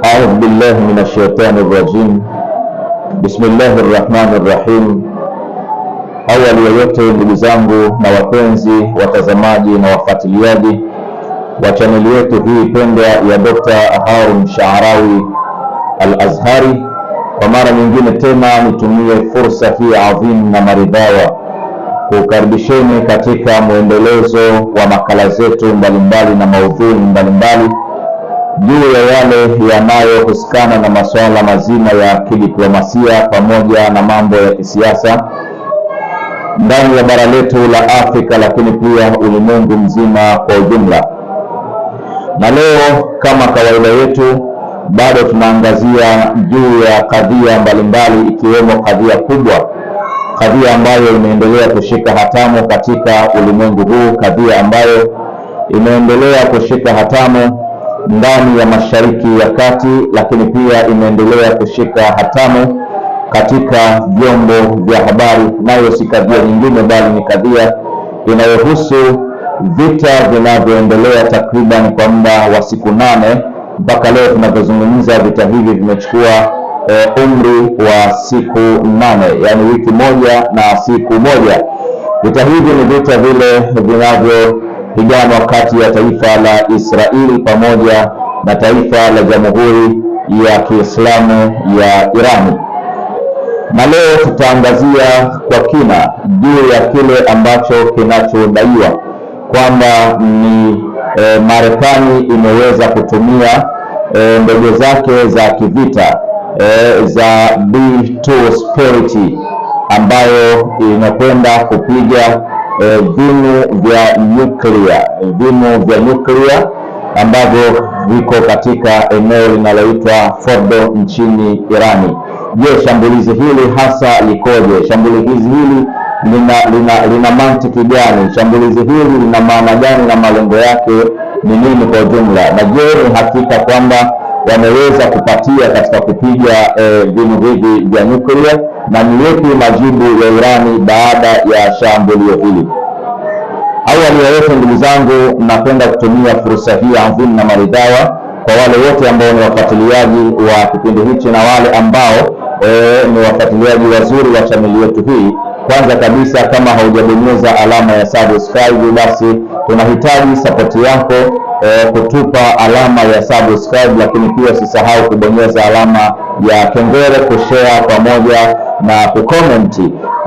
أعوذ بالله من الشيطان الرجيم بسم الله الرحمن الرحيم Awali ya yote ndugu zangu na wapenzi watazamaji na wafuatiliaji wa chaneli yetu hii pendwa ya Dr. Harun Sha'rawi Al-Azhari, kwa mara nyingine tena nitumie fursa hii adhimu na maridhawa kukaribisheni katika mwendelezo wa makala zetu mbalimbali na maudhui mbalimbali mbali juu ya yale yanayohusikana na masuala mazima ya kidiplomasia pamoja na mambo ya kisiasa ndani ya bara letu la Afrika, lakini pia ulimwengu mzima kwa ujumla. Na leo kama kawaida yetu, bado tunaangazia juu ya kadhia mbalimbali, ikiwemo kadhia kubwa, kadhia ambayo imeendelea kushika hatamu katika ulimwengu huu, kadhia ambayo imeendelea kushika hatamu ndani ya Mashariki ya Kati, lakini pia imeendelea kushika hatamu katika vyombo vya habari, nayo si kadhia nyingine bali ni kadhia inayohusu vita vinavyoendelea takriban kwa muda wa siku nane mpaka leo tunavyozungumza. Vita hivi vimechukua e, umri wa siku nane, yaani wiki moja na siku moja. Vita hivi ni vita vile vinavyo mapigano kati ya taifa la Israeli pamoja na taifa la Jamhuri ya Kiislamu ya Irani. Na leo tutaangazia kwa kina juu ya kile ambacho kinachodaiwa kwamba ni e, Marekani imeweza kutumia e, ndege zake za kivita e, za B2 Spirit ambayo inakwenda kupiga Eh, vinu vya nyuklia, eh, vinu vya nyuklia ambavyo viko katika eneo linaloitwa Fordo nchini Irani. Je, shambulizi hili hasa likoje? Shambulizi hili lina, lina, lina mantiki gani? Shambulizi hili lina maana gani na malengo yake ni nini kwa ujumla? Na je, ni hakika kwamba wameweza kupatia katika kupiga e, vinu hivi vya nyuklia, na ni yepi majibu ya Irani baada ya shambulio hili? Awali ya yote, ndugu zangu, napenda kutumia fursa hii adhimu na maridhawa kwa wale wote ambao ni wafuatiliaji wa kipindi hichi na wale ambao e, ni wafuatiliaji wazuri wa chaneli yetu hii kwanza kabisa, kama haujabonyeza alama ya subscribe, basi tunahitaji sapoti yako e, kutupa alama ya subscribe, lakini pia usisahau kubonyeza alama ya kengele, kushare pamoja na kukomenti.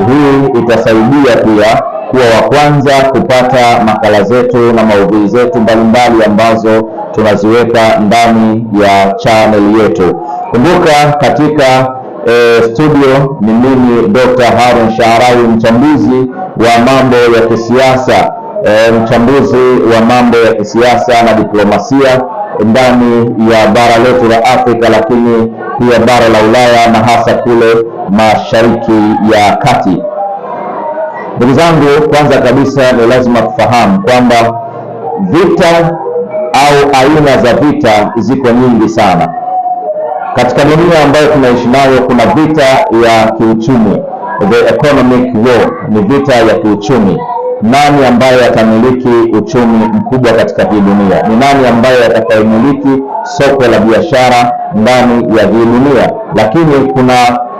Hii itasaidia pia kuwa wa kwanza kupata makala zetu na maudhui zetu mbalimbali ambazo tunaziweka ndani ya chaneli yetu. Kumbuka katika eh, studio ni mimi Dr. Harun Shaharawi, mchambuzi wa mambo ya kisiasa eh, mchambuzi wa mambo ya kisiasa na diplomasia ndani ya bara letu la Afrika, lakini pia bara la Ulaya na hasa kule Mashariki ya Kati. Ndugu zangu, kwanza kabisa ni lazima kufahamu kwamba vita au aina za vita ziko nyingi sana katika dunia ambayo tunaishi nayo kuna vita ya kiuchumi, the economic war, ni vita ya kiuchumi. Nani ambaye atamiliki uchumi mkubwa katika hii dunia? Ni nani ambaye atakayemiliki soko la biashara ndani ya hii dunia? Lakini kuna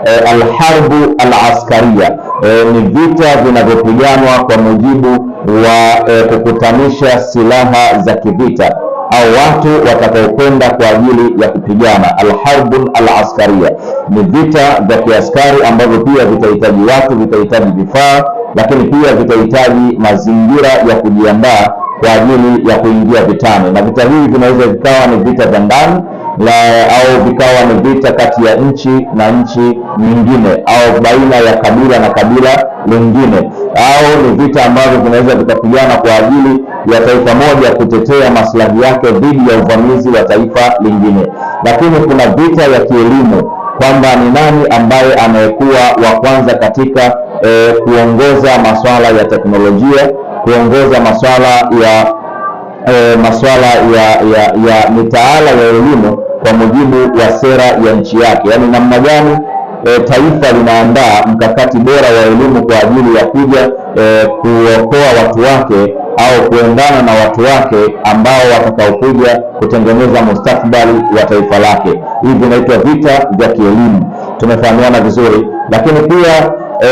E, alharbu alaskaria e, ni vita vinavyopiganwa kwa mujibu wa e, kukutanisha silaha za kivita au watu watakaokwenda kwa ajili ya kupigana. Alharbun alaskaria ni vita vya kiaskari ambavyo pia vitahitaji watu, vitahitaji vifaa, lakini pia vitahitaji mazingira ya kujiandaa kwa ajili ya kuingia vitani, na vita hivi vinaweza vikawa ni vita vya ndani la au vikawa ni vita kati ya nchi na nchi nyingine, au baina ya kabila na kabila lingine, au ni vita ambavyo vinaweza vikapigana kwa ajili ya taifa moja kutetea maslahi yake dhidi ya uvamizi wa taifa lingine, lakini kuna vita ya kielimu kwamba ni nani ambaye anayekuwa wa kwanza katika e, kuongoza masuala ya teknolojia, kuongoza masuala ya e, eh, masuala ya, ya, ya mitaala ya elimu kwa mujibu wa sera ya nchi yake, yaani namna gani e, taifa linaandaa mkakati bora wa elimu kwa ajili ya kuja e, kuokoa watu wake au kuendana na watu wake ambao watakaokuja kutengeneza mustakbali wa taifa lake. Hivi vinaitwa vita vya kielimu, tumefahamiana vizuri. Lakini pia e,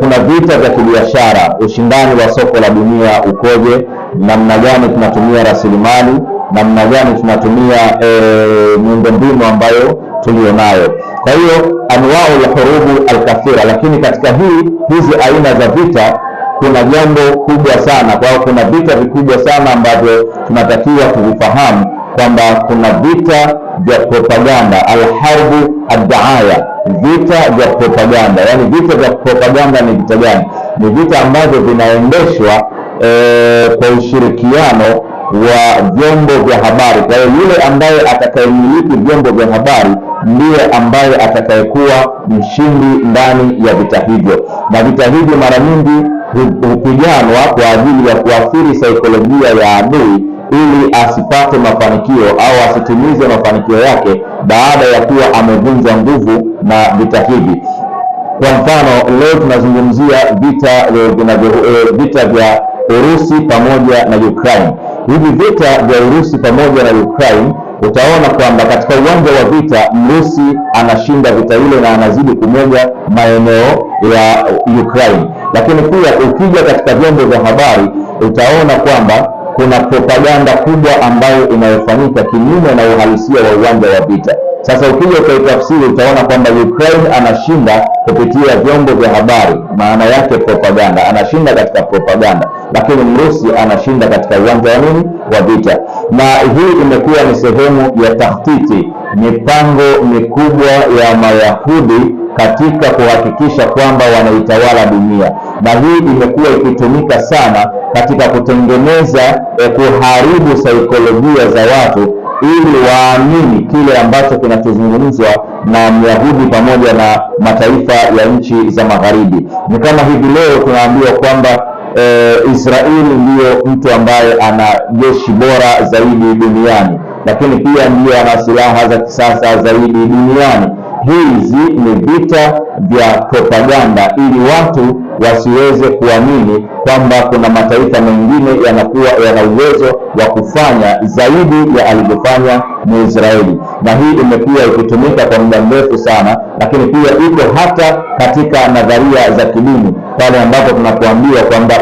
kuna vita vya kibiashara, ushindani wa soko la dunia ukoje, namna gani tunatumia rasilimali namna gani tunatumia e, miundombinu ambayo tulionayo. Kwa hiyo anwau lhurubu alkathira, lakini katika hii hizi aina za vita kuna jambo kubwa sana kwao, kuna vita vikubwa sana ambavyo tunatakiwa kuvifahamu kwamba kuna vita vya propaganda, alharbu addaaya, vita vya propaganda. Yaani vita vya propaganda ni vita gani? Ni vita ambavyo vinaendeshwa e, kwa ushirikiano wa vyombo vya habari. Kwa hiyo yule ambaye atakayemiliki vyombo vya habari ndiye ambaye atakayekuwa mshindi ndani ya vita hivyo, na vita hivyo mara nyingi hupiganwa kwa ajili ya kuathiri saikolojia ya adui ili asipate mafanikio au asitimize mafanikio yake baada ya kuwa amevunja nguvu na vita hivi. Kwa mfano, leo tunazungumzia vita vya eh, Urusi pamoja na Ukraine hivi vita vya Urusi pamoja na Ukraine, utaona kwamba katika uwanja wa vita Mrusi anashinda vita hilo na anazidi kumega maeneo ya Ukraine. Lakini pia ukija katika vyombo vya habari utaona kwamba kuna propaganda kubwa ambayo inayofanyika kinyume na uhalisia wa uwanja wa vita. Sasa ukija ukaitafsiri utaona kwamba Ukraine anashinda kupitia vyombo vya habari, maana yake propaganda, anashinda katika propaganda lakini Mrusi anashinda katika uwanja wa nini wa vita, na hii imekuwa ni sehemu ya tahtiti, mipango mikubwa ya Mayahudi katika kuhakikisha kwamba wanaitawala dunia, na hii imekuwa ikitumika sana katika kutengeneza eh, kuharibu saikolojia za watu ili waamini kile ambacho kinachozungumzwa na Myahudi pamoja na mataifa ya nchi za Magharibi. Ni kama hivi leo tunaambiwa kwamba e, Israeli ndiyo mtu ambaye ana jeshi bora zaidi duniani, lakini pia ndiyo ana silaha za kisasa zaidi duniani hizi ni vita vya propaganda, ili watu wasiweze kuamini kwamba kuna mataifa mengine yanakuwa yana uwezo wa kufanya zaidi ya alivyofanya israeli na hii imekuwa ikitumika kwa muda mrefu sana, lakini pia iko hata katika nadharia za kidini pale ambapo tunapoambiwa kwamba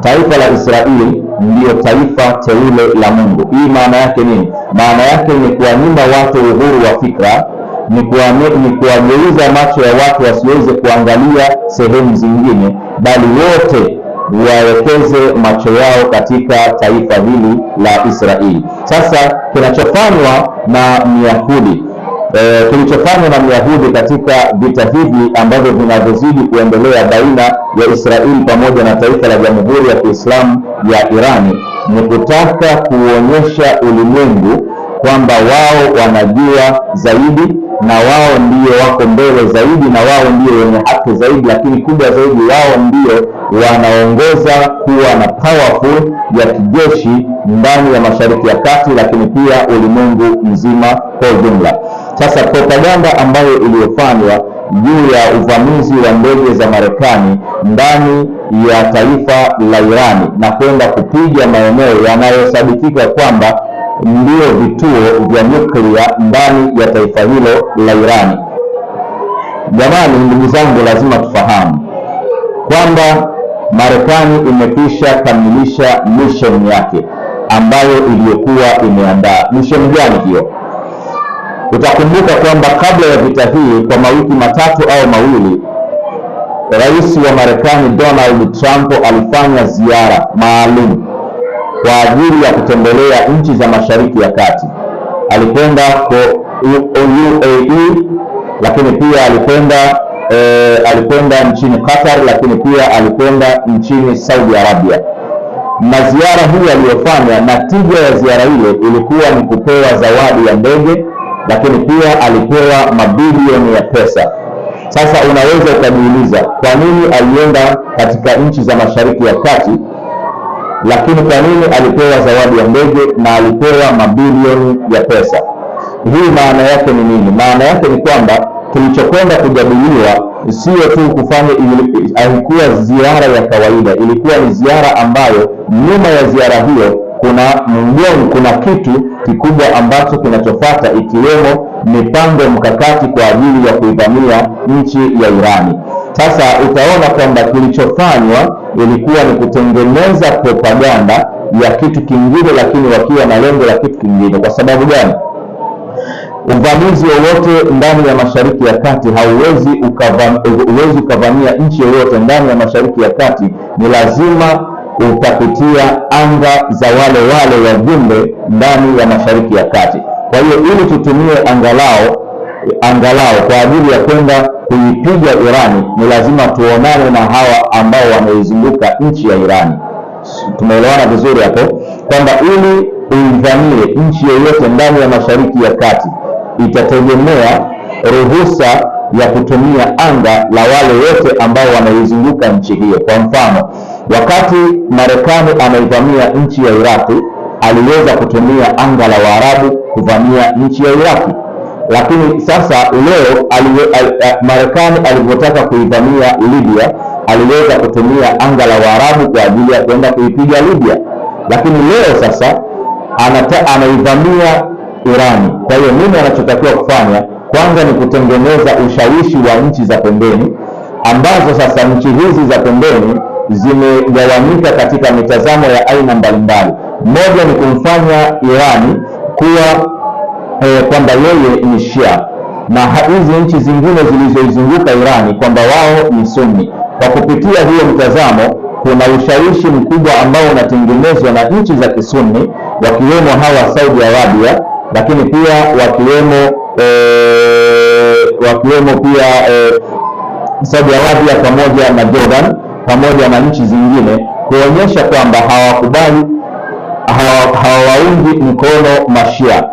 taifa la Israeli ndiyo taifa teule la Mungu. Hii maana yake nini? Maana yake ni kuwanyima watu uhuru wa fikra ni kuwageuza macho ya watu wasiweze kuangalia sehemu zingine, bali wote wawekeze macho yao katika taifa hili la Israeli. Sasa kinachofanywa na Myahudi e, kilichofanywa na Myahudi katika vita hivi ambavyo vinavyozidi kuendelea baina ya Israeli pamoja na taifa la Jamhuri ya Kiislamu ya Irani ni kutaka kuonyesha ulimwengu kwamba wao wanajua zaidi na wao ndio wako mbele zaidi, na wao ndio wenye haki zaidi, lakini kubwa zaidi, wao ndio wanaongoza kuwa na powerful ya kijeshi ndani ya Mashariki ya Kati, lakini pia ulimwengu mzima kwa ujumla. Sasa propaganda ambayo iliyofanywa juu ya uvamizi wa ndege za Marekani ndani ya taifa la Irani na kwenda kupiga maeneo yanayosadikika kwamba ndio vituo vya nyuklia ndani ya taifa hilo la Irani. Jamani, ndugu zangu, lazima tufahamu kwamba Marekani imekwisha kamilisha mission yake ambayo iliyokuwa imeandaa. Mission gani hiyo? Utakumbuka kwamba kabla ya vita hii, kwa mawiki matatu au mawili, rais wa Marekani Donald Trump alifanya ziara maalum kwa ajili ya kutembelea nchi za Mashariki ya Kati. Alikwenda UAE, lakini pia alikwenda e, alikwenda nchini Qatar, lakini pia alikwenda nchini Saudi Arabia. Na ziara hii aliyofanya na tija ya ziara ile ilikuwa ni kupewa zawadi ya ndege, lakini pia alipewa mabilioni ya pesa. Sasa unaweza ukajiuliza kwa nini alienda katika nchi za Mashariki ya Kati lakini kwa nini alipewa zawadi ya ndege na alipewa mabilioni ya pesa? Hii maana yake ni nini? Maana yake ni kwamba kilichokwenda kujadiliwa sio tu kufanya, haikuwa ziara ya kawaida, ilikuwa ni ziara ambayo nyuma ya ziara hiyo kuna mgongo, kuna kitu kikubwa ambacho kinachofata ikiwemo mipango mkakati kwa ajili ya kuivamia nchi ya Irani. Sasa utaona kwamba kilichofanywa ilikuwa ni kutengeneza propaganda ya kitu kingine, lakini wakiwa na lengo la kitu kingine. Kwa sababu gani? Uvamizi wowote ndani ya Mashariki ya Kati hauwezi uwezi ukavamia nchi yoyote ndani ya Mashariki ya Kati, ni lazima utapitia anga za wale wale wajumbe ndani ya Mashariki ya Kati. Kwa hiyo ili tutumie lao angalau kwa ajili ya kwenda kuipiga Irani, ni lazima tuonane na hawa ambao wameizunguka nchi ya Irani. Tumeelewana vizuri hapo kwamba ili uivamie nchi yoyote ndani ya Mashariki ya Kati itategemea ruhusa ya kutumia anga la wale wote ambao wanaizunguka nchi hiyo. Kwa mfano, wakati Marekani anaivamia nchi ya Iraki, aliweza kutumia anga la Waarabu kuvamia nchi ya Iraki lakini sasa leo eh, Marekani alivyotaka kuivamia Libya aliweza kutumia anga la Waarabu kwa ajili ya kwenda kuipiga Libya, lakini leo sasa anata, anaivamia Irani. Kwa hiyo nini anachotakiwa kufanya? Kwanza ni kutengeneza ushawishi wa nchi za pembeni, ambazo sasa nchi hizi za pembeni zimegawanyika katika mitazamo ya aina mbalimbali. Moja ni kumfanya Irani kuwa eh, kwamba yeye ni Shia na hizi nchi zingine zilizoizunguka Irani kwamba wao ni Sunni. Kwa kupitia hiyo mtazamo, kuna ushawishi mkubwa ambao unatengenezwa na nchi za Kisunni wakiwemo hawa Saudi Arabia, lakini pia wakiwemo eh, wakiwemo pia eh, Saudi Arabia pamoja na Jordan pamoja na nchi zingine kuonyesha kwamba hawakubali hawa mkono mashia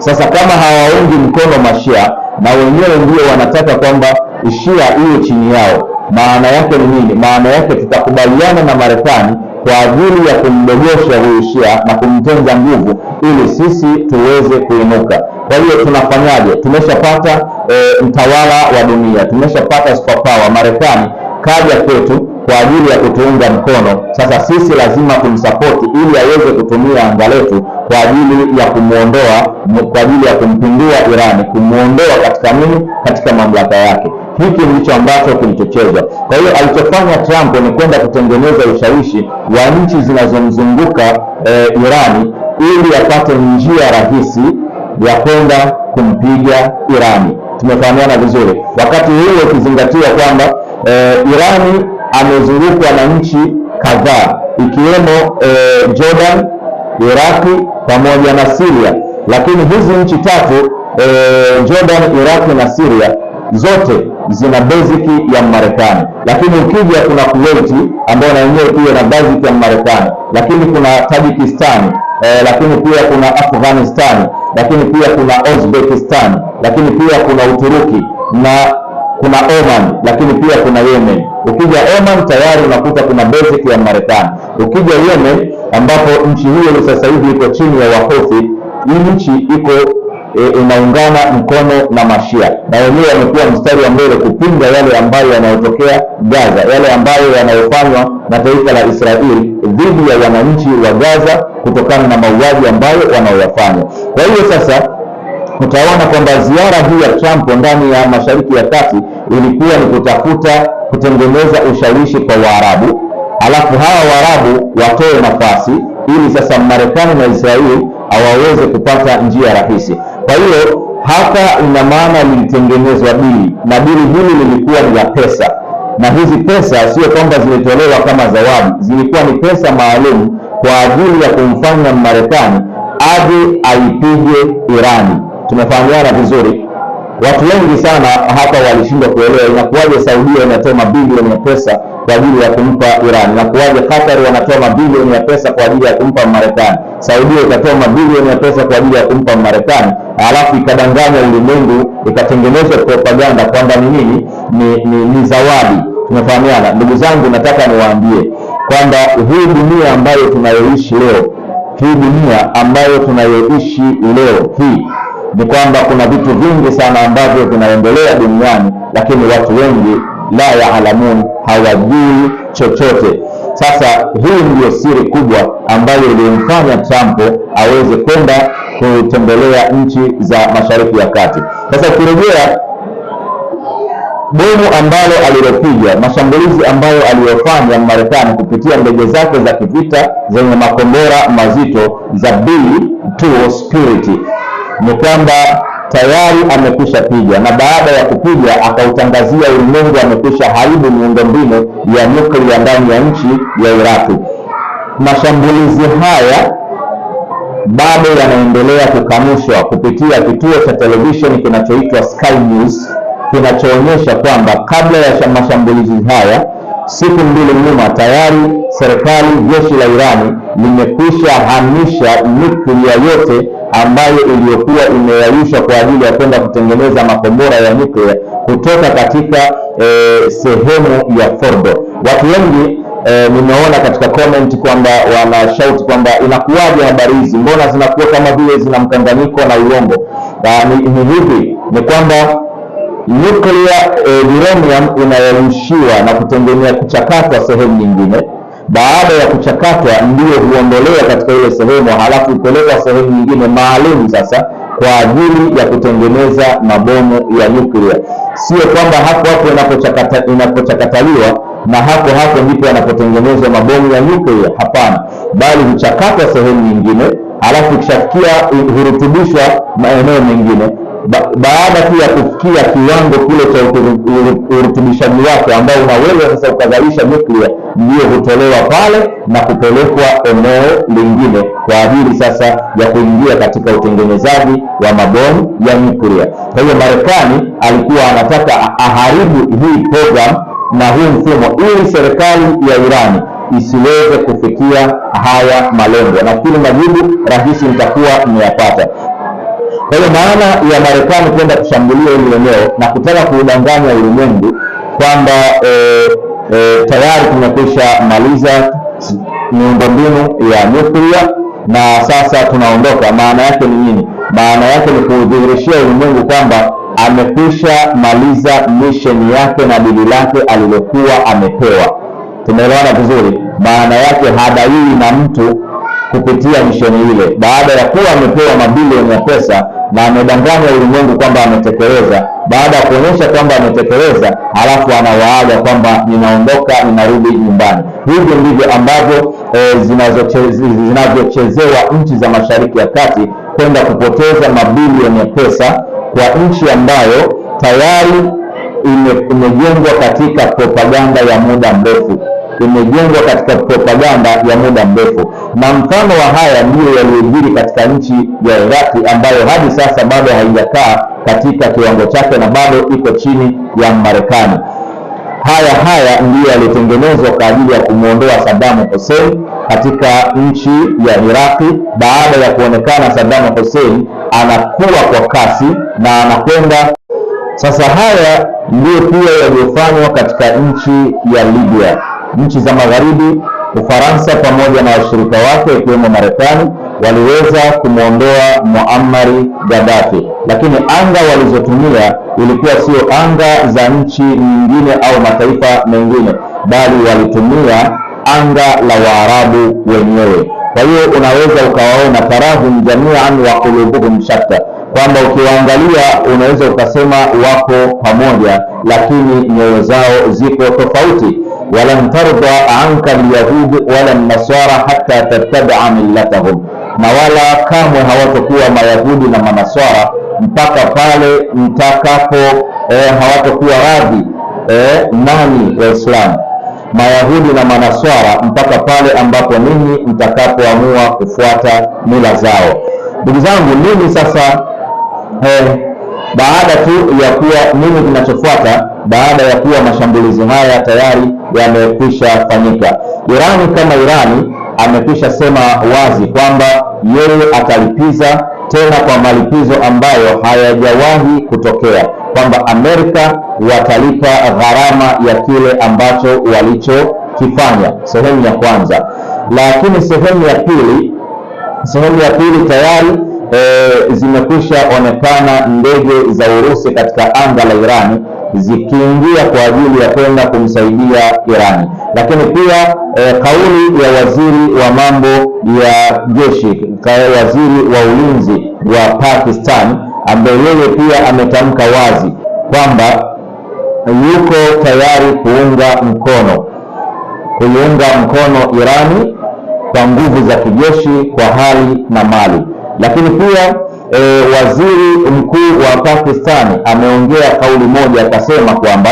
sasa kama hawaungi mkono mashia na wenyewe ndio wanataka kwamba ishia iwe chini yao, maana yake ni nini? Maana yake tutakubaliana na Marekani kwa ajili ya kumdogosha huyu shia na kumtenza nguvu ili sisi tuweze kuinuka. Kwa hiyo tunafanyaje? Tumeshapata e, mtawala wa dunia, tumeshapata superpower Marekani kaja kwetu kwa ajili ya kutuunga mkono. Sasa sisi lazima tumsapoti ili aweze kutumia anga letu kwa ajili ya kumwondoa, kwa ajili ya kumpindua Irani, kumwondoa katika nini, katika mamlaka yake. Hiki ndicho ambacho kilichochezwa. Kwa hiyo alichofanya Trump ni kwenda kutengeneza ushawishi wa nchi zinazomzunguka e, Irani ili apate njia rahisi ya kwenda kumpiga Irani. Tumefahamiana vizuri. Wakati huo ukizingatiwa kwamba e, Irani amezungukwa na nchi kadhaa ikiwemo e, Jordan Iraki pamoja na Syria, lakini hizi nchi tatu e, Jordan, Iraki na Syria zote zina basic ya Marekani, lakini ukija kuna Kuwait ambayo na wenyewe pia na basic ya Marekani, lakini kuna Tajikistan e, lakini pia kuna Afghanistan, lakini pia kuna Uzbekistan, lakini pia kuna Uturuki na kuna Oman, lakini pia kuna Yemen. Ukija Oman tayari unakuta kuna basic ya Marekani. Ukija Yemen ambapo nchi hiyo sasa hivi iko chini ya Wahothi, hii nchi iko e, inaungana mkono na Mashia na wenyewe wamekuwa mstari wa mbele kupinga yale ambayo yanayotokea Gaza, yale ambayo yanayofanywa na taifa la Israeli dhidi ya wananchi wa Gaza kutokana na mauaji ambayo wanaoyafanya. Kwa hiyo sasa utaona kwamba ziara hii ya Trump ndani ya Mashariki ya Kati ilikuwa ni kutafuta kutengeneza ushawishi kwa Waarabu alafu hawa Waarabu watoe nafasi ili sasa Marekani na Israeli hawaweze kupata njia rahisi. Kwa hiyo hapa ina maana lilitengenezwa dili na dili hili lilikuwa ni la pesa, na hizi pesa sio kwamba zilitolewa kama zawadi, zilikuwa ni pesa maalum kwa ajili ya kumfanya Marekani aje aipige Irani. Tumefahamiana vizuri. Watu wengi sana hapa walishindwa kuelewa inakuwaje Saudia inatoa mabilioni ya pesa kwa ajili ya kumpa Iran. Na kuwaje Qatar wanatoa mabilioni ya pesa kwa ajili ya kumpa Marekani, Saudia ikatoa mabilioni ya pesa kwa ajili ya kumpa Marekani, alafu ikadanganya ulimwengu, ikatengeneza propaganda kwamba ni nini, ni, ni, ni zawadi. Tumefahamiana ndugu zangu, nataka niwaambie kwamba hii dunia ambayo tunayoishi leo, hii dunia ambayo tunayoishi leo hii ni kwamba kuna vitu vingi sana ambavyo vinaendelea duniani, lakini watu wengi la yaalamun, hawajui chochote. Sasa hii ndio siri kubwa ambayo ilimfanya Trump aweze kwenda kutembelea nchi za Mashariki ya Kati. Sasa ukirejea bomu ambalo alilopiga, mashambulizi ambayo aliyofanya Marekani kupitia ndege zake za kivita zenye makombora mazito za B2 Spirit ni kwamba tayari amekwisha piga, na baada ya kupiga akautangazia ulimwengu amekwisha haribu miundombinu ya nyuklia ndani ya nchi ya Iraki. Mashambulizi haya bado yanaendelea kukanushwa kupitia kituo cha televisheni kinachoitwa Sky News kinachoonyesha kwamba kabla ya mashambulizi haya siku mbili nyuma tayari serikali jeshi la Irani limekwisha hamisha nyuklia yote ambayo iliyokuwa imeyayushwa kwa ajili ya kwenda kutengeneza makombora ya nyuklia kutoka katika e, sehemu ya Fordo. Watu wengi e, nimeona katika comment kwamba wanashauti kwamba inakuwaje habari hizi, mbona zinakuwa kama vile zina mkanganyiko na uongo? Ah, ni hivi ni kwamba nuclear eh, uranium inayorushiwa na kutengenea kuchakatwa sehemu nyingine. Baada ya kuchakatwa, ndiyo huondolewa katika ile sehemu, halafu ipelekwa sehemu nyingine maalum sasa kwa ajili ya kutengeneza mabomu ya nyuklia. Sio kwamba hapo hapo inapochakata inapochakataliwa na hapo hapo ndipo yanapotengenezwa mabomu ya nyuklia. Hapana, bali huchakatwa sehemu nyingine, halafu ikishafikia eh, hurutubishwa maeneo mengine ba, baada tu ya kufikia kiwango kile cha urutubishaji wake ambao unaweza sasa ukazalisha nyuklia, ndio hutolewa pale na kupelekwa eneo lingine kwa ajili sasa ya kuingia katika utengenezaji wa mabomu ya nyuklia. Kwa hiyo Marekani alikuwa anataka aharibu hii program na huu mfumo ili serikali ya Irani isiweze kufikia haya malengo. Nafikiri majibu rahisi nitakuwa nimeyapata. Kwa hiyo maana ya Marekani kwenda kushambulia hili eneo na kutaka kuudanganya ulimwengu kwamba e, e, tayari tumekwisha maliza miundombinu ya nyuklia na sasa tunaondoka, maana yake ni nini? Maana yake ni kudhihirishia ulimwengu kwamba amekwisha maliza misheni yake na dili lake alilokuwa amepewa. Tumeelewana vizuri? Maana yake hadaii na mtu kupitia misheni ile, baada ya kuwa amepewa mabilioni ya pesa na amedanganya ulimwengu kwamba ametekeleza. Baada ya kuonyesha kwamba ametekeleza, halafu anawaaga kwamba ninaondoka, ninarudi nyumbani. Hivi ndivyo ambavyo e, zinavyochezewa nchi za Mashariki ya Kati kwenda kupoteza mabilioni ya pesa kwa nchi ambayo tayari imejengwa katika propaganda ya muda mrefu imejengwa katika propaganda ya muda mrefu, na mfano wa haya ndiyo yaliyojiri katika nchi ya Iraki ambayo hadi sasa bado haijakaa katika kiwango chake na bado iko chini ya Marekani. Haya haya ndiyo yalitengenezwa kwa ajili ya kumwondoa Saddam Hussein katika nchi ya Iraki, baada ya kuonekana Saddam Hussein anakuwa kwa kasi na anakwenda sasa. Haya ndiyo pia yaliyofanywa katika nchi ya Libya nchi za Magharibi, Ufaransa pamoja na washirika wake ikiwemo Marekani waliweza kumwondoa Muammar Gaddafi, lakini anga walizotumia ilikuwa sio anga za nchi nyingine au mataifa mengine, bali walitumia anga la Waarabu wenyewe. Kwa hiyo unaweza ukawaona tarahum jamian wa qulubuhum shatta kwamba ukiwaangalia unaweza ukasema wako pamoja, lakini nyoyo zao ziko tofauti. walan tarda anka alyahud wala nasara hatta tattabia millatahum, na wala kamwe hawatokuwa mayahudi na manaswara mpaka pale mtakapo eh, hawatokuwa radhi eh, nani Waislamu mayahudi na manaswara mpaka pale ambapo ninyi mtakapoamua kufuata mila zao. Ndugu zangu, nini sasa eh, baada tu ya kuwa nini kinachofuata baada ya kuwa mashambulizi haya tayari yamekwisha fanyika. Irani kama Irani amekwisha sema wazi kwamba yeye atalipiza tena kwa malipizo ambayo hayajawahi kutokea, kwamba Amerika watalipa gharama ya kile ambacho walichokifanya, sehemu ya kwanza. Lakini sehemu ya pili, sehemu ya pili tayari e, zimekwisha onekana ndege za Urusi katika anga la Irani zikiingia kwa ajili ya kwenda kumsaidia Irani. Lakini pia e, kauli ya waziri wa mambo ya jeshi, waziri wa ulinzi wa Pakistan ambaye yeye pia ametamka wazi kwamba yuko tayari kuunga mkono kuiunga mkono Irani kwa nguvu za kijeshi kwa hali na mali. Lakini pia e, waziri mkuu wa Pakistani ameongea kauli moja akasema kwamba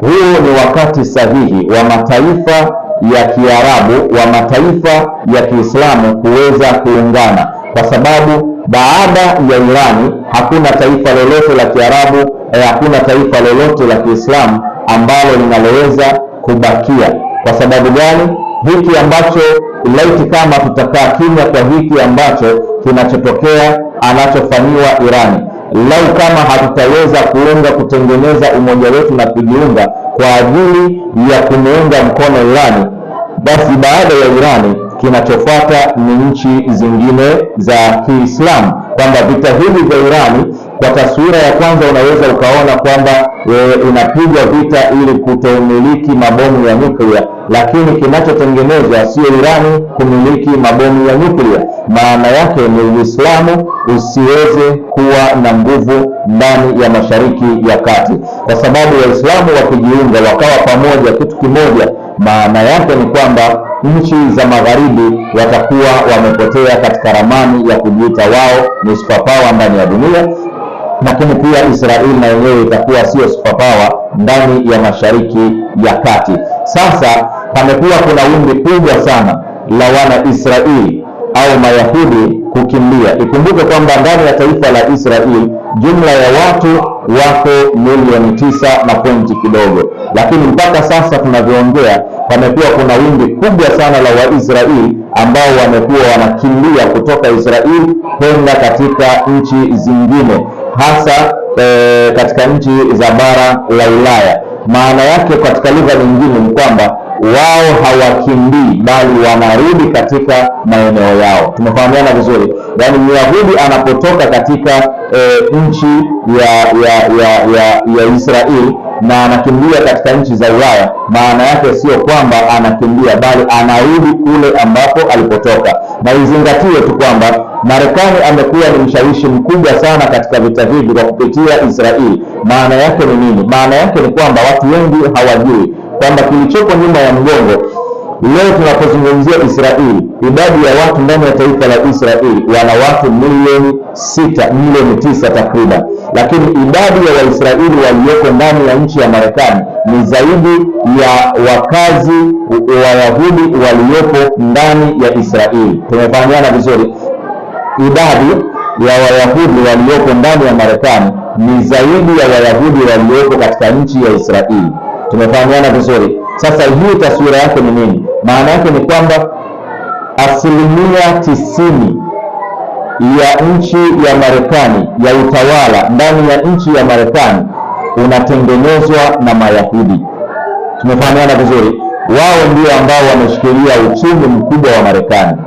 huu ni wakati sahihi wa mataifa ya Kiarabu wa mataifa ya Kiislamu kuweza kuungana, kwa sababu baada ya Irani hakuna taifa lolote la Kiarabu e, hakuna taifa lolote la Kiislamu ambalo linaloweza kubakia. Kwa sababu gani? Hiki ambacho laiti kama tutakaa kimya kwa hiki ambacho kinachotokea anachofanyiwa Irani. Lau kama hatutaweza kuunga kutengeneza umoja wetu na kujiunga kwa ajili ya kumuunga mkono Irani, basi baada ya Irani kinachofuata ni nchi zingine za Kiislamu, kwamba vita hivi vya Irani kwa taswira ya kwanza unaweza ukaona kwamba e, inapigwa vita ili kutomiliki mabomu ya nyuklia, lakini kinachotengenezwa sio Irani kumiliki mabomu ya nyuklia. Maana yake ni Uislamu usiweze kuwa na nguvu ndani ya Mashariki ya Kati, kwa sababu Waislamu wakijiunga wakawa pamoja kitu kimoja, maana yake ni kwamba nchi za magharibi watakuwa wamepotea katika ramani ya kujiita wao ni superpower ndani ya dunia lakini pia Israeli na yenyewe itakuwa sio superpower ndani ya Mashariki ya Kati. Sasa pamekuwa kuna wimbi kubwa sana la wana Israeli au Mayahudi kukimbia. Ikumbuke kwamba ndani ya taifa la Israeli jumla ya watu wako milioni tisa na pointi kidogo, lakini mpaka sasa tunavyoongea pamekuwa kuna wimbi kubwa sana la Waisraeli ambao wamekuwa wanakimbia kutoka Israeli kwenda katika nchi zingine hasa e, katika nchi za bara la Ulaya. Maana yake katika lugha nyingine ni kwamba wao hawakimbii bali wanarudi katika maeneo yao. Tumefahamiana vizuri, yaani Myahudi anapotoka katika e, nchi ya ya ya, ya, ya Israeli na anakimbia katika nchi za Ulaya, maana yake sio kwamba anakimbia bali anarudi kule ambapo alipotoka. Na izingatiwe tu kwamba Marekani amekuwa ni mshawishi mkubwa sana katika vita hivi kwa kupitia Israeli. Maana yake ni nini? Maana yake ni kwamba watu wengi hawajui kwamba kilichopo nyuma ya mgongo leo tunapozungumzia Israeli, idadi ya watu ndani ya taifa la Israeli wana watu milioni sita milioni tisa takriban, lakini idadi ya Waisraeli walioko ndani ya nchi ya Marekani ni zaidi ya wakazi Wayahudi waliopo ndani ya Israeli. Tumefahamiana vizuri, idadi ya Wayahudi walioko ndani ya Marekani ni zaidi ya Wayahudi waliopo katika nchi ya Israeli. Tumefahamiana vizuri. Sasa hii taswira yake ni nini? Maana yake ni kwamba asilimia tisini ya nchi ya Marekani ya utawala ndani ya nchi ya Marekani unatengenezwa na Mayahudi. Tumefahamiana vizuri. Wao ndio ambao wameshikilia uchumi mkubwa wa Marekani.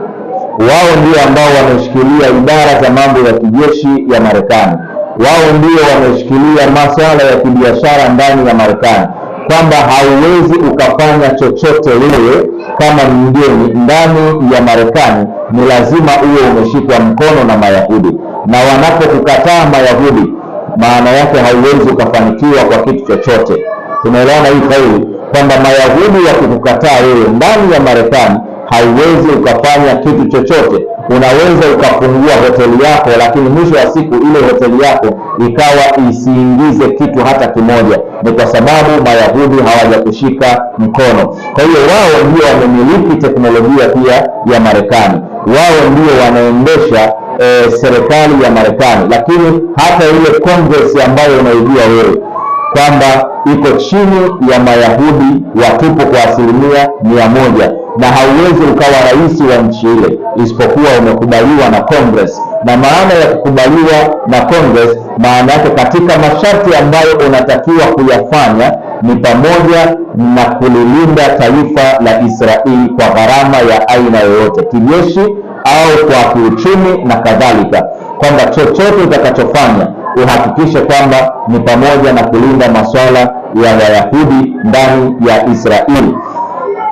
Wao ndio ambao wameshikilia idara za mambo ya kijeshi ya Marekani. Wao ndio wameshikilia masuala ya kibiashara ndani ya Marekani kwamba hauwezi ukafanya chochote wewe kama mgeni ndani ya Marekani, ni lazima uwe umeshikwa mkono na Mayahudi, na wanapokukataa Mayahudi, maana yake hauwezi ukafanikiwa kwa kitu chochote. Tunaelewana hii kauli kwamba Mayahudi wakikukataa wewe ndani ya Marekani, hauwezi ukafanya kitu chochote unaweza ukafungua hoteli yako, lakini mwisho wa siku ile hoteli yako ikawa isiingize kitu hata kimoja. Ni kwa sababu Mayahudi hawajakushika mkono. Kwa hiyo wao ndio wamemiliki teknolojia pia ya Marekani, wao ndio wanaendesha e, serikali ya Marekani, lakini hata ile Congress ambayo unaijua wewe kwamba iko chini ya Mayahudi watupu kwa asilimia mia moja na hauwezi ukawa rais wa nchi ile isipokuwa umekubaliwa na Congress. Na maana ya kukubaliwa na Congress, maana yake katika masharti ambayo unatakiwa kuyafanya ni pamoja na kulilinda taifa la Israeli kwa gharama ya aina yoyote, kijeshi au kwa kiuchumi na kadhalika, kwamba chochote utakachofanya uhakikishe kwamba ni pamoja na kulinda masuala ya Wayahudi ndani ya Israeli.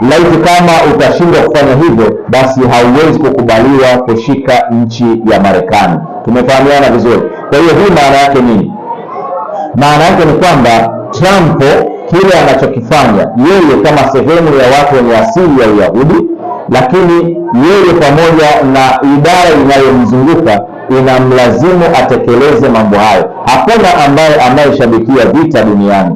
Laiti kama utashindwa kufanya hivyo, basi hauwezi kukubaliwa kushika nchi ya Marekani. Tumefahamiana vizuri. Kwa hiyo hii maana yake nini? Maana yake ni kwamba Trump kile anachokifanya yeye kama sehemu ya watu wenye asili ya Uyahudi, lakini yeye pamoja na idara inayomzunguka inamlazimu atekeleze mambo hayo. Hakuna ambaye anayeshabikia vita duniani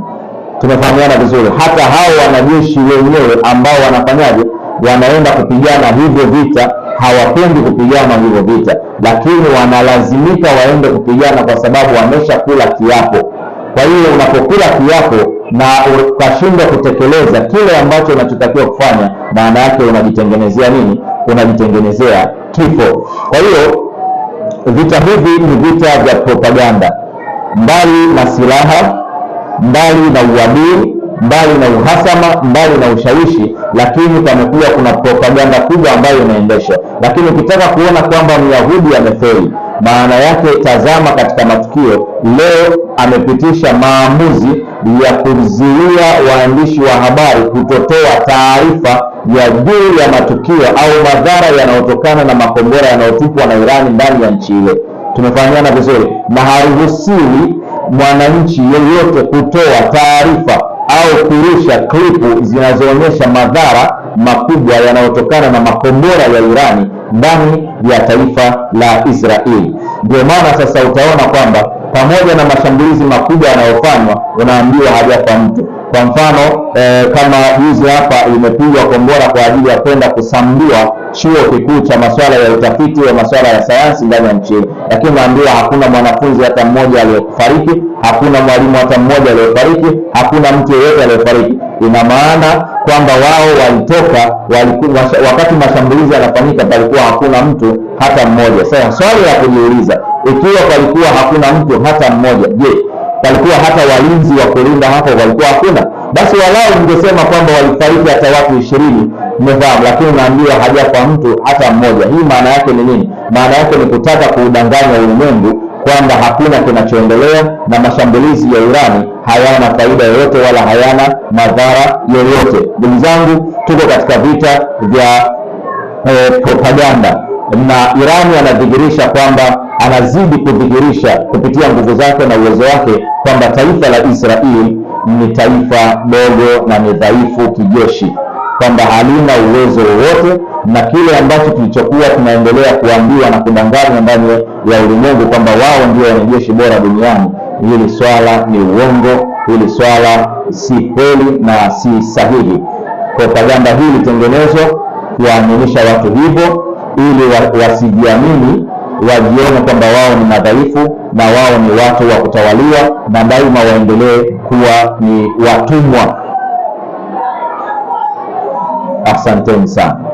tumefahamiana vizuri. Hata hao wanajeshi wenyewe ambao wanafanyaje, wanaenda kupigana hivyo vita, hawapendi kupigana hivyo vita, lakini wanalazimika waende kupigana kwa sababu wameshakula kiapo. Kwa hiyo unapokula kiapo na ukashindwa kutekeleza kile ambacho unachotakiwa kufanya, maana yake unajitengenezea nini? Unajitengenezea kifo. Kwa hiyo vita hivi ni vita vya propaganda, mbali na silaha mbali na uadili, mbali na uhasama, mbali na ushawishi, lakini pamekuwa kuna propaganda kubwa ambayo inaendeshwa. Lakini ukitaka kuona kwamba Myahudi amefeli, maana yake tazama katika matukio leo, amepitisha maamuzi ya kuzuia waandishi wa habari kutotoa taarifa ya juu ya matukio au madhara yanayotokana na makombora yanayotupwa na Irani ndani ya nchi ile. Tumefahamiana vizuri na haruhusiwi mwananchi yeyote kutoa taarifa au kurusha klipu zinazoonyesha madhara makubwa yanayotokana na makombora ya Irani ndani ya taifa la Israeli. Ndio maana sasa utaona kwamba pamoja na mashambulizi makubwa yanayofanywa, unaambiwa hajafa mtu. Kwa mfano e, kama juzi hapa imepigwa kombora kwa ajili ya kwenda kusambua chuo kikuu cha masuala ya utafiti wa masuala ya sayansi ndani ya nchi, lakini naambiwa hakuna mwanafunzi hata mmoja aliyefariki, hakuna mwalimu hata mmoja aliyefariki, hakuna mtu yeyote aliyefariki. Ina maana kwamba wao walitoka wakati mashambulizi yanafanyika palikuwa hakuna mtu hata mmoja. Sasa swali la kujiuliza, ikiwa palikuwa hakuna mtu hata mmoja, je, walikuwa hata walinzi wa kulinda hapo walikuwa hakuna, basi walau ningesema kwamba walifariki hata watu ishirini, mmefahamu. Lakini unaambiwa hajafa mtu hata mmoja. Hii maana yake ni nini? Maana yake ni kutaka kuudanganya ulimwengu kwamba hakuna kinachoendelea na mashambulizi ya Irani hayana faida yoyote wala hayana madhara yoyote. Ndugu zangu, tuko katika vita vya eh, propaganda na Irani anadhihirisha kwamba anazidi kudhihirisha kupitia nguvu zake na uwezo wake kwamba taifa la Israeli ni taifa dogo na ni dhaifu kijeshi, kwamba halina uwezo wowote, na kile ambacho kilichokuwa kinaendelea kuambiwa na kudanganywa ndani ya ulimwengu kwamba wao ndio wanajeshi bora duniani, hili swala ni uongo, hili swala si kweli na si sahihi. Propaganda hii ilitengenezwa kuwaaminisha watu hivyo ili wasijiamini wajione kwamba wao ni madhaifu na wao ni watu wa kutawaliwa, na daima waendelee kuwa ni watumwa. Asanteni sana.